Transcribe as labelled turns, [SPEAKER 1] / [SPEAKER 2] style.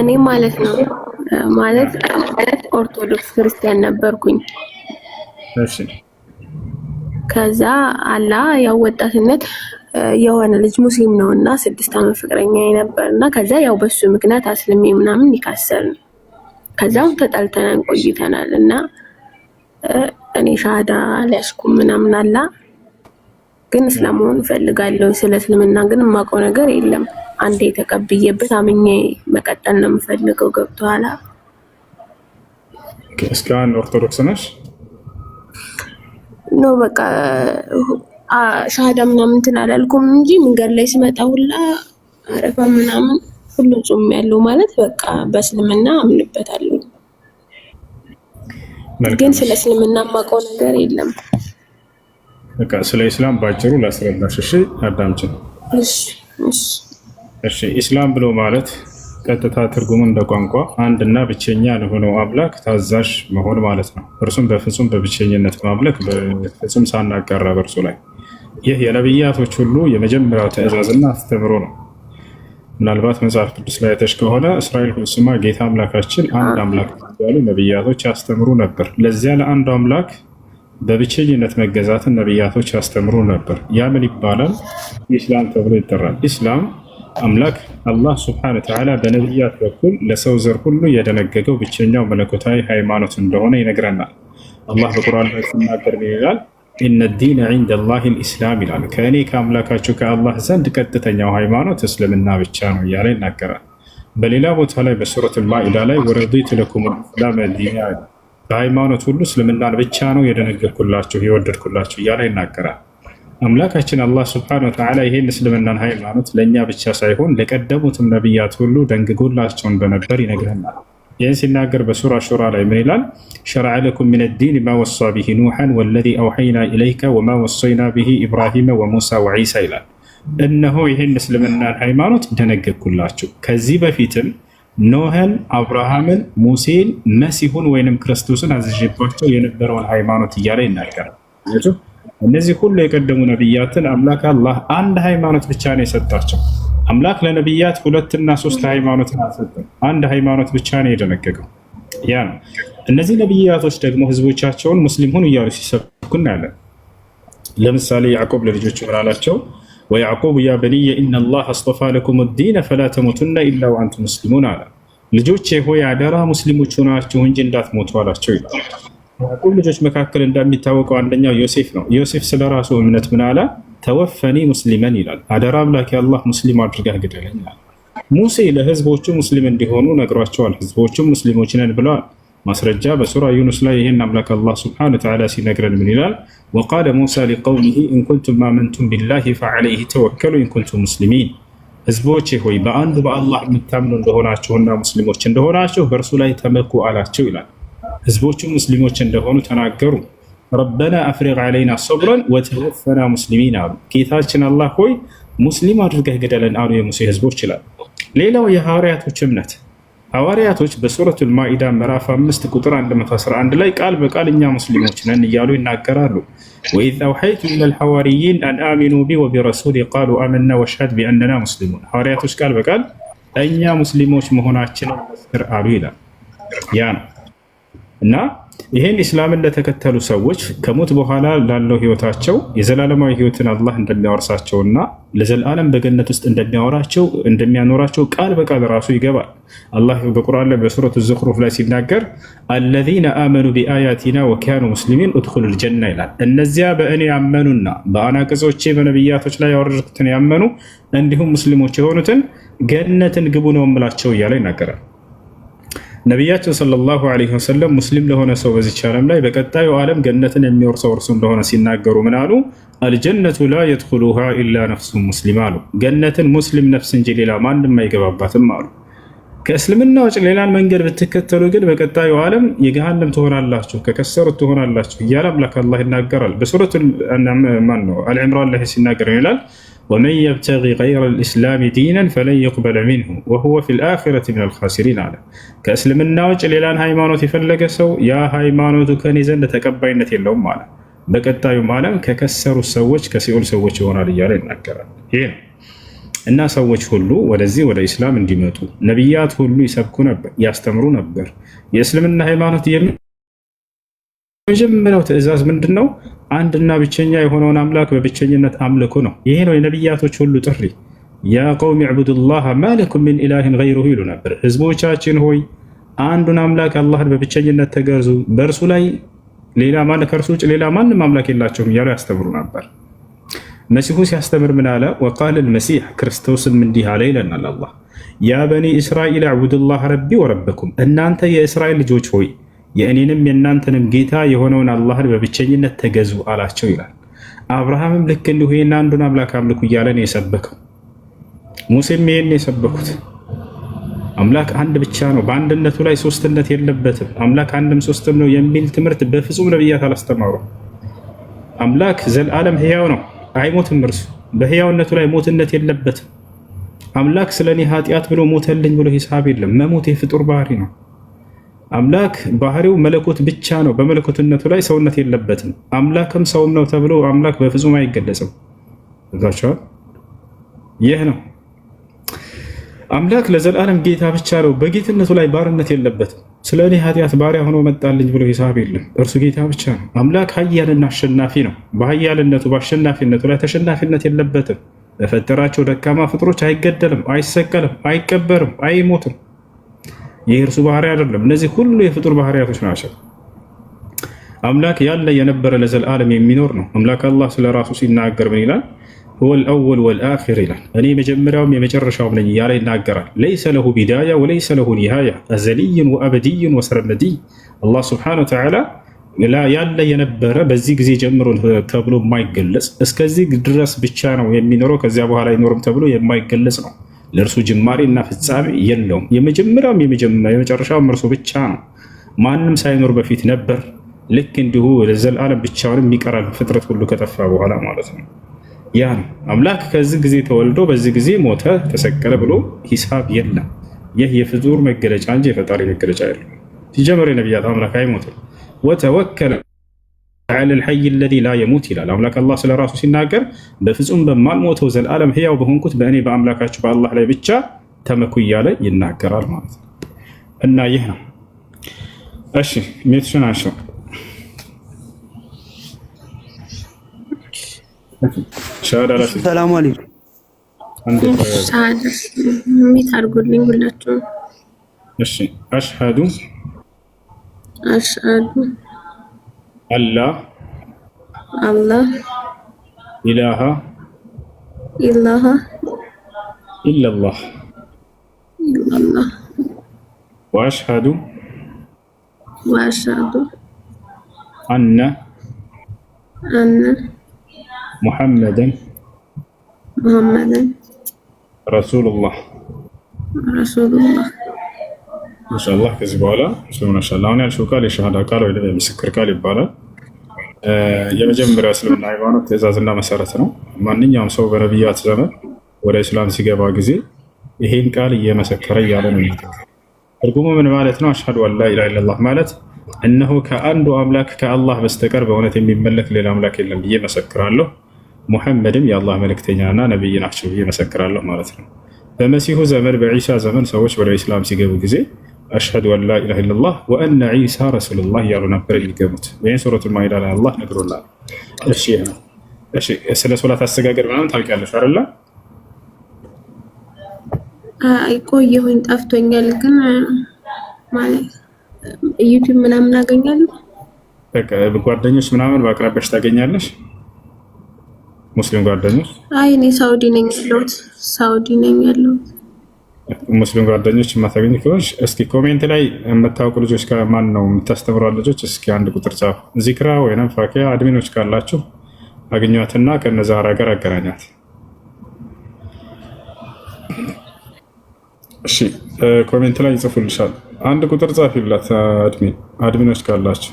[SPEAKER 1] እኔ ማለት ነው ማለት ኦርቶዶክስ ክርስቲያን ነበርኩኝ። ከዛ አላ ያው ወጣትነት የሆነ ልጅ ሙስሊም ነው እና ስድስት አመት ፍቅረኛ ነበር እና ከዛ ያው በሱ ምክንያት አስልሜ ምናምን ይካሰል ነው። ከዛም ተጣልተናን ቆይተናል እና እኔ ሻዳ አልያዝኩም ምናምን አላ ግን እስላመሆን እፈልጋለሁ። ስለ እስልምና ግን የማውቀው ነገር የለም። አንዴ የተቀብዬበት አምኜ መቀጠል ነው የምፈልገው። ገብቶሃል?
[SPEAKER 2] እስካሁን ኦርቶዶክስ ነሽ?
[SPEAKER 1] ኖ በቃ ሻሃዳ ምናምን እንትን አላልኩም እንጂ መንገድ ላይ ስመጣ ሁላ አረፋ ምናምን ሁሉ ጾም ያለው ማለት በቃ በእስልምና አምንበታለሁ፣ ግን ስለ እስልምና የማውቀው ነገር የለም።
[SPEAKER 2] በቃ ስለ ኢስላም ባጭሩ ላስረዳሽ። እሺ አዳምጭን። እሺ ኢስላም ብሎ ማለት ቀጥታ ትርጉሙ እንደ ቋንቋ አንድና ብቸኛ ለሆነው አምላክ ታዛዥ መሆን ማለት ነው። እርሱም በፍጹም በብቸኝነት ማምለክ በፍጹም ሳናጋራ በእርሱ ላይ። ይህ የነብያቶች ሁሉ የመጀመሪያው ትዕዛዝና አስተምሮ ነው። ምናልባት መጽሐፍ ቅዱስ ላይ ተሽ ከሆነ እስራኤል ስማ ጌታ አምላካችን አንድ አምላክ ያሉ ነብያቶች ያስተምሩ ነበር። ለዚያ ለአንዱ አምላክ በብቸኝነት መገዛትን ነቢያቶች ያስተምሩ ነበር። ያ ምን ይባላል? ኢስላም ተብሎ ይጠራል። ኢስላም አምላክ አላህ ስብሐነ ወተዓላ በነቢያት በኩል ለሰው ዘር ሁሉ የደነገገው ብቸኛው መለኮታዊ ሃይማኖት እንደሆነ ይነግረናል። አላህ በቁርአን ላይ ሲናገር ምን ይላል? ኢነ ዲነ ዒንደ ላሂ ልኢስላም ይላል። ከእኔ ከአምላካችሁ ከአላህ ዘንድ ቀጥተኛው ሃይማኖት እስልምና ብቻ ነው እያለ ይናገራል። በሌላ ቦታ ላይ በሱረት ማኢዳ ላይ ወረዲቱ ለኩም ልኢስላመ ዲና በሃይማኖት ሁሉ እስልምናን ብቻ ነው የደነገርኩላችሁ የወደድኩላችሁ እያለ ይናገራል። አምላካችን አላህ ስብሐነሁ ወተዓላ ይህን እስልምናን ሃይማኖት ለእኛ ብቻ ሳይሆን ለቀደሙትም ነቢያት ሁሉ ደንግጎላቸው እንደነበር ይነግረናል። ይህን ሲናገር በሱራ ሹራ ላይ ምን ይላል? ሸረዐ ለኩም ሚነ ዲን ማ ወሳ ብሂ ኑሐን ወለዚ አውሐይና ኢለይከ ወማ ወሰይና ብሂ ኢብራሂመ ወሙሳ ወዒሳ ይላል። እነሆ ይህን እስልምናን ሃይማኖት ደነገግኩላችሁ ከዚህ በፊትም ኖህን፣ አብርሃምን፣ ሙሴን፣ መሲሁን ወይንም ክርስቶስን አዘዥባቸው የነበረውን ሃይማኖት እያለ ይናገራል። እነዚህ ሁሉ የቀደሙ ነቢያትን አምላክ አላህ አንድ ሃይማኖት ብቻ ነው የሰጣቸው። አምላክ ለነቢያት ሁለትና ሶስት ሃይማኖትን አልሰጠም። አንድ ሃይማኖት ብቻ ነው የደነገገው። ያ ነው። እነዚህ ነቢያቶች ደግሞ ህዝቦቻቸውን ሙስሊም ሁን እያሉ ሲሰብኩ እናያለን። ለምሳሌ ያዕቆብ ለልጆቹ ምን አላቸው? ወያዕቁብ ያ በንየ ኢና ላህ አስጠፋ ለኩም ዲነ ፈላ ተሞቱና ኢላ ወአንቱ ሙስሊሙን አለ። ልጆቼ ሆይ አደራ ሙስሊሞች ሆናችሁ እንጂ እንዳትሞቱ አላቸው ይላል። ያዕቁብ ልጆች መካከል እንደሚታወቀው አንደኛው ዮሴፍ ነው። ዮሴፍ ስለ ራሱ እምነት ምን አለ? ተወፈኒ ሙስሊመን ይላል። አደራ አምላክ የአላህ ሙስሊም አድርገህ ግደለኝ። ሙሴ ለህዝቦቹ ሙስሊም እንዲሆኑ ነግሯቸዋል። ህዝቦቹም ሙስሊሞች ነን ብለዋል። ማስረጃ በሱራ ዩኑስ ላይ ይህን አምላክ አላህ ስብሐነ ወተዓላ ሲነግረን ምን ይላል? ወቃለ ሙሳ ሊቀውሚሂ ኢንኩንቱም አመንቱም ቢላሂ ፈዐለይሂ ተወከሉ ኢንኩንቱም ሙስሊሚን። ህዝቦቼ ሆይ በአንዱ በአላህ የምታምኑ እንደሆናችሁና ሙስሊሞች እንደሆናችሁ በእርሱ ላይ ተመኩ አላቸው ይላል። ህዝቦቹ ሙስሊሞች እንደሆኑ ተናገሩ። ረበና አፍሪቅ ዐለይና ሰብረን ወተወፈና ሙስሊሚን አሉ። ጌታችን አላህ ሆይ ሙስሊም አድርገህ ግደለን አሉ የሙሴ ህዝቦች ይላል። ሌላው የሐዋርያቶች እምነት ሐዋርያቶች በሱረቱል ማኢዳ ምዕራፍ 5 ቁጥር 111 ላይ ቃል በቃል እኛ ሙስሊሞች ነን እያሉ ይናገራሉ። ወኢዝ አውሐይቱ ኢለል ሐዋርይን አን አሚኑ ቢ ወቢረሱሊ ቃሉ አመና ወሽሀድ ቢአንና ሙስሊሙን፣ ሐዋርያቶች ቃል በቃል እኛ ሙስሊሞች መሆናችንን መስክር አሉ ይላል። ያ ነው እና ይህን ኢስላምን ለተከተሉ ሰዎች ከሞት በኋላ ላለው ህይወታቸው የዘላለማዊ ህይወትን አላህ እንደሚያወርሳቸውና ለዘላለም በገነት ውስጥ እንደሚያወራቸው እንደሚያኖራቸው ቃል በቃል ራሱ ይገባል። አላህ በቁርአን ላይ በሱረት ዙኽሩፍ ላይ ሲናገር አለዚነ አመኑ ቢአያቲና ወካኑ ሙስሊሚን ኡድኹሉ ልጀና ይላል። እነዚያ በእኔ ያመኑና በአናቅጾቼ በነቢያቶች ላይ ያወረድኩትን ያመኑ እንዲሁም ሙስሊሞች የሆኑትን ገነትን ግቡ ነው እምላቸው እያለ ይናገራል። ነቢያችን ሰለላሁ ዐለይሂ ወሰለም ሙስሊም ለሆነ ሰው በዚች ዓለም ላይ በቀጣዩ ዓለም ገነትን የሚወርሰው እርሱ እንደሆነ ሲናገሩ ምን አሉ? አልጀነቱ ላ የድኹሉሃ ኢላ ነፍሱ ሙስሊም አሉ። ገነትን ሙስሊም ነፍስ እንጂ ሌላ ማንም አይገባባትም አሉ። ከእስልምና ውጭ ሌላን መንገድ ብትከተሉ ግን በቀጣዩ ዓለም የገሃነም ትሆናላችሁ ከከሰሩት ትሆናላችሁ እያለ አምላክ አላህ ይናገራል። በሱረቱ ማነው አልዕምራን ላይ ሲናገር ይላል ወመን የብተጊ ገይረ ልእስላም ዲናን ፈለን ይቅበለ ሚንሁ ወሁወ ፊ ልአኪረት ምን አልካሲሪን አለ። ከእስልምና ውጭ ሌላን ሃይማኖት የፈለገ ሰው ያ ሃይማኖቱ ከኔ ዘንድ ተቀባይነት የለውም አለ። በቀጣዩም ዓለም ከከሰሩት ሰዎች ከሲኦል ሰዎች ይሆናል እያለ ይናገራል። ይሄ ነው እና ሰዎች ሁሉ ወደዚህ ወደ ኢስላም እንዲመጡ ነቢያት ሁሉ ይሰብኩ ነበር፣ ያስተምሩ ነበር። የእስልምና ሃይማኖት የመጀመሪያው ትዕዛዝ ምንድን ነው? አንድና ብቸኛ የሆነውን አምላክ በብቸኝነት አምልኩ ነው። ይሄ ነው የነቢያቶች ሁሉ ጥሪ። ያ ቀውም ዕቡዱላህ ማለኩም ሚን ኢላህን ገይሩሁ ይሉ ነበር። ህዝቦቻችን ሆይ አንዱን አምላክ አላህን በብቸኝነት ተገዙ፣ በእርሱ ላይ ሌላ ማን ከእርሱ ውጭ ሌላ ማንም አምላክ የላቸውም እያሉ ያስተምሩ ነበር። መሲሁ ሲያስተምር ምን አለ? ወቃል ልመሲሕ ክርስቶስም እንዲህ አለ ይለናል። አላህ ያ በኒ እስራኤል አዕቡድላህ ረቢ ወረበኩም፣ እናንተ የእስራኤል ልጆች ሆይ የእኔንም የእናንተንም ጌታ የሆነውን አላህን በብቸኝነት ተገዙ አላቸው ይላል። አብርሃምም ልክ እንዲሁ ይህን አንዱን አምላክ አምልኩ እያለ ነው የሰበከው። ሙሴም ይህን የሰበኩት አምላክ አንድ ብቻ ነው፣ በአንድነቱ ላይ ሶስትነት የለበትም፣ አምላክ አንድም ሶስትም ነው የሚል ትምህርት በፍጹም ነቢያት አላስተማሩ። አምላክ ዘለዓለም ህያው ነው አይሞትም። እርሱ በህያውነቱ ላይ ሞትነት የለበትም። አምላክ ስለ እኔ ኃጢአት ብሎ ሞተልኝ ብሎ ሂሳብ የለም። መሞት የፍጡር ባህሪ ነው። አምላክ ባህሪው መለኮት ብቻ ነው። በመለኮትነቱ ላይ ሰውነት የለበትም። አምላክም ሰውም ነው ተብሎ አምላክ በፍጹም አይገለጽም። እዛቸዋል ይህ ነው አምላክ ለዘላለም ጌታ ብቻ ነው። በጌትነቱ ላይ ባርነት የለበትም። ስለ እኔ ኃጢአት ባሪያ ሆኖ መጣልኝ ብሎ ሂሳብ የለም። እርሱ ጌታ ብቻ ነው። አምላክ ኃያልና አሸናፊ ነው። በኃያልነቱ በአሸናፊነቱ ላይ ተሸናፊነት የለበትም። በፈጠራቸው ደካማ ፍጥሮች አይገደልም፣ አይሰቀልም፣ አይቀበርም፣ አይሞትም። ይህ እርሱ ባህሪ አይደለም። እነዚህ ሁሉ የፍጡር ባህሪያቶች ናቸው። አምላክ ያለ የነበረ ለዘላለም የሚኖር ነው። አምላክ አላህ ስለ ራሱ ሲናገር ምን ይላል? ወልአወል ወልአኪር ይላል። እኔ መጀመሪያውም የመጨረሻውም ነኝ እያለ ይናገራል። ለይሰ ለሁ ቢዳያ ወለይሰ ለሁ ኒሃያ አዘልይን ወአበድይን ወሰረመድይ አላህ ስብሓነሁ ወተዓላ ያለ የነበረ በዚህ ጊዜ ጀምሮ ተብሎ የማይገለጽ እስከዚህ ድረስ ብቻ ነው የሚኖረው፣ ከዚያ በኋላ አይኖርም ተብሎ የማይገለጽ ነው። ለእርሱ ጅማሬ እና ፍጻሜ የለውም። የመጀመሪያውም የመጨረሻውም እርሱ ብቻ ነው። ማንም ሳይኖር በፊት ነበር። ልክ እንዲሁ ለዘላለም ብቻውንም ይቀራል፣ ፍጥረት ሁሉ ከጠፋ በኋላ ማለት ነው። ያ ነው አምላክ ከዚህ ጊዜ ተወልዶ በዚህ ጊዜ ሞተ፣ ተሰቀለ ብሎ ሂሳብ የለም። ይህ የፍጡር መገለጫ እንጂ የፈጣሪ መገለጫ የለም። ሲጀመር የነቢያት አምላክ አይሞትም። ወተወከለ ዐለል ሐይ ለዚ ላ የሙት ይላል አምላክ አላህ ስለ ራሱ ሲናገር በፍጹም በማልሞተው ዘላለም ሕያው በሆንኩት በእኔ በአምላካችሁ በአላህ ላይ ብቻ ተመኩ እያለ ይናገራል ማለት ነው። እና ይህ ነው እሺ ሜትሽን አንሸው ሰላም
[SPEAKER 3] አለይኩም።
[SPEAKER 1] ሚት አድርጉልኝ ሁላችሁም።
[SPEAKER 2] እሺ አሽሃዱ አሽሃዱ አላህ አላህ ኢላሃ ኢላሃ ኢለላህ ኢለላህ ወአሽሃዱ ወአሽሃዱ አነ አነ ሙሐመድን
[SPEAKER 1] ሙሐመደን
[SPEAKER 2] ረሱሉላህ
[SPEAKER 1] ረሱሉላህ።
[SPEAKER 2] ኢንሻአላህ ከዚህ በኋላ እስልምና ኢንሻአላህ አሁን ያልሽው ቃል የሸሃዳ ቃል ወይ የምስክር ቃል ይባላል። የመጀመሪያ እስልምና ሃይማኖት ትዕዛዝና መሰረት ነው። ማንኛውም ሰው በነቢያት ዘመን ወደ እስላም ሲገባ ጊዜ ይሄን ቃል እየመሰከረ እያለ ነው። ትርጉሙ ምን ማለት ነው? አሽሃዱ አላ ኢላሀ ኢለላህ ማለት እነሆ ከአንዱ አምላክ ከአላህ በስተቀር በእውነት የሚመለክ ሌላ አምላክ የለም ብዬ መሰክራለሁ ሙሐመድም የአላህ መልእክተኛና ነቢይ ናቸው ብዬ መሰክራለሁ ማለት ነው። በመሲሁ ዘመን በዒሳ ዘመን ሰዎች ወደ ኢስላም ሲገቡ ጊዜ አሽሀዱ አን ላኢላሃ ኢለላህ ወአነ ዒሳ ረሱሉላህ እያሉ ነበር የሚገቡት። ወይም ሱረቱ ማኢዳ ላይ አላህ ነግሮናል። እሺ እሺ ስለ ሶላት አስተጋገድ ምናምን ታውቂያለሽ አይደለ?
[SPEAKER 1] ቆየሁኝ ጠፍቶኛል። ግን ማለት ዩቲዩብ ምናምን አገኛለሁ።
[SPEAKER 2] በቃ ጓደኞች ምናምን በአቅራቢያሽ ታገኛለሽ ሙስሊም ጓደኞች?
[SPEAKER 1] አይ እኔ ሳውዲ ነኝ ያለሁት፣ ሳውዲ ነኝ ያለሁት።
[SPEAKER 2] ሙስሊም ጓደኞች የማታገኝ ከሆንሽ እስኪ ኮሜንት ላይ የምታውቁ ልጆች ማን ነው የምታስተምሯ ልጆች እስኪ አንድ ቁጥር ጻፉ። ዚክራ ወይም ፋኪያ አድሚኖች ካላችሁ አግኟትና ከነዛ ጋር አገናኛት። እሺ ኮሜንት ላይ ይጽፉልሻል። አንድ ቁጥር ጻፊላት አድሚን አድሚኖች ካላችሁ